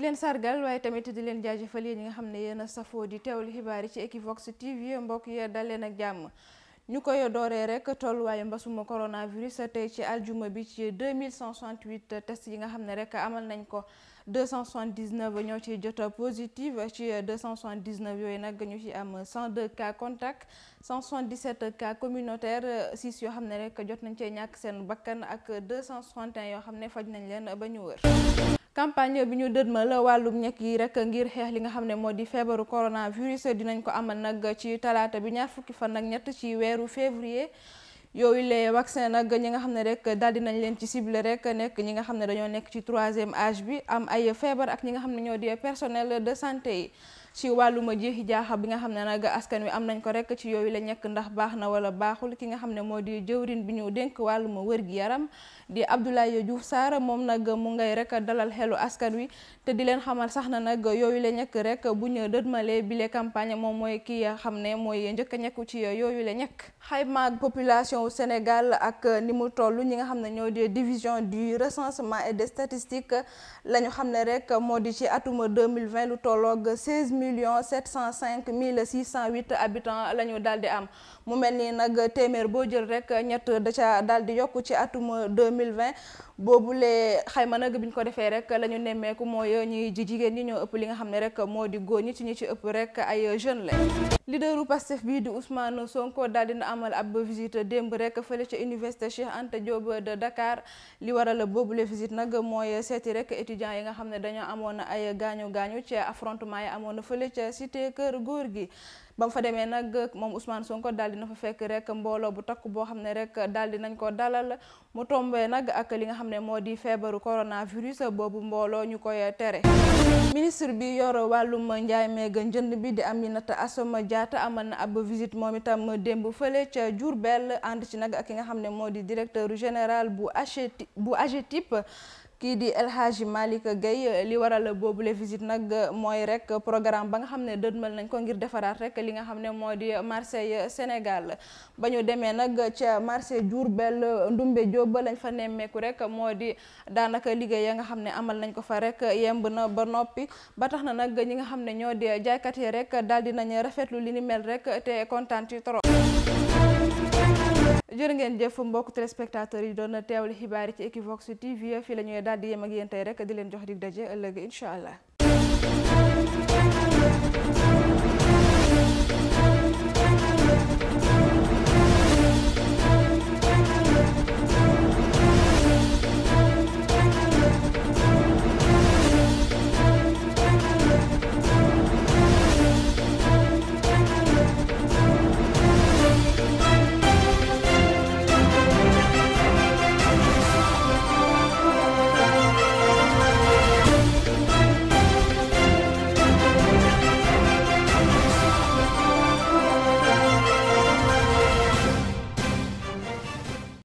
di leen sargal waaye tamit di leen jaajëfal yéen yi nga xam ne yéen a safoo di teewlu xibaar yi ci Equivox TV mbokk yi dal leen ak jàmm ñu koy dooree rek tolluwaayu mbasuma coronavirus tey ci aljuma bi ci 2168 test yi nga xam ne rek amal nañ ko 279 ñoo ci jot positif ci 279 yooyu nag ñu ci am 102 cas contact 177 cas communautaire 6 yoo xam ne rek jot nañ cee ñàkk seen bakkan ak 261 yoo xam ne faj nañ leen ba ñu wër campagne bi ñu dëdmal wàllug ñekk yi rek ngir xeex li nga xam ne moo di feebaru coronavirus dinañ ko amal nag ci talaata bi ñaar fukki fan nag ñett ci weeru février yooyu les vaccin nag ñi nga xam ne rek daal di nañ leen ci ciblé rek nekk ñi nga xam ne dañoo nekk ci troisième âge bi am ay feebar ak ñi nga xam ne ñoo di personnel de santé yi ci wàlluma jeexi jaaxa bi nga xam ne nag askan wi am nañ ko rek ci yooyu la ñekk ndax baax na wala baaxul ki nga xam ne moo di jëwrin bi ñu dénk wàlluma wër gi yaram di Abdoulaye Diouf saara moom nag mu ngay rek dalal xelu askan wi te di leen xamal sax na nag yooyu la ñekk rek bu ñu dëdmalee bile campagne moom mooy ki xam ne mooy njëkk ñekku ci yooyu la ñekk xayma ak population Sénégal ak ni mu toll ñi nga xam ne ñoo di division du recensement et des statistiques la ñu xam ne rek moo di ci atuma 2020 lu tolloog 16 million sept cent cinq mille six cent huit habitants la ñu daal di am mu mel ni nag téeméer boo jël rek ñett da ca daal di yokk ci atum deux mille vingt boobu boobulee xayma nag bi ñu ko defee rek la ñu nemmeeku mooy ñuy ji jigéen ñi ñoo ëpp li nga xam ne rek moo di góor ñi ci ñi ci ëpp rek ay jeunes la leaderu Pastef bii di Ousmane Sonko daal dina amal ab visite démb rek fële ca université Cheikh Anta Diop de Dakar li waral boobule visite nag mooy seeti rek étudiants yi nga xam ne dañoo amoon ay gaañu gaañu ci affrontement yi amoon fële ca cité kër góor gi ba fa demee nag moom Ousmane Sonko daal dina fa fekk rek mbooloo bu takk boo xam ne rek daal di nañ ko dalal mu tombé nag ak li nga xam ne moo di feebaru coronavirus boobu mbooloo ñu koy tere. ministre bi yor wàllum njaay meeg njënd bi di Aminata Assome Diatta amal na ab visite moom itam ma démb fële ca jur Diourbel ànd ci nag ak ki nga xam ne moo di directeur général bu AGETIP bu AGETIP kii di El Hadji gay li waral boobu boobule visite nag mooy rek programme ba nga xam ne dëdmal nañ ko ngir defaraat rek li nga xam ne moo di Marseille Sénégal ba ñu demee nag ca Marseille Diourbel Ndumbe Diop lañ fa nemmeeku rek moo di daanaka liggéey ya nga xam ne amal nañ ko fa rek yemb na ba noppi ba tax na nag ñi nga xam ne ñoo di jaaykat yi rek daal di nañ rafetlu li ni mel rek te kontaan trop. jër ngeen jëf mbokk téléspectateurs yi doon na teewli xibaar yi ci Equivox TV fii la ñuy daal di yem ak yéen tey rek di leen jox di daje ëllëg incha allah.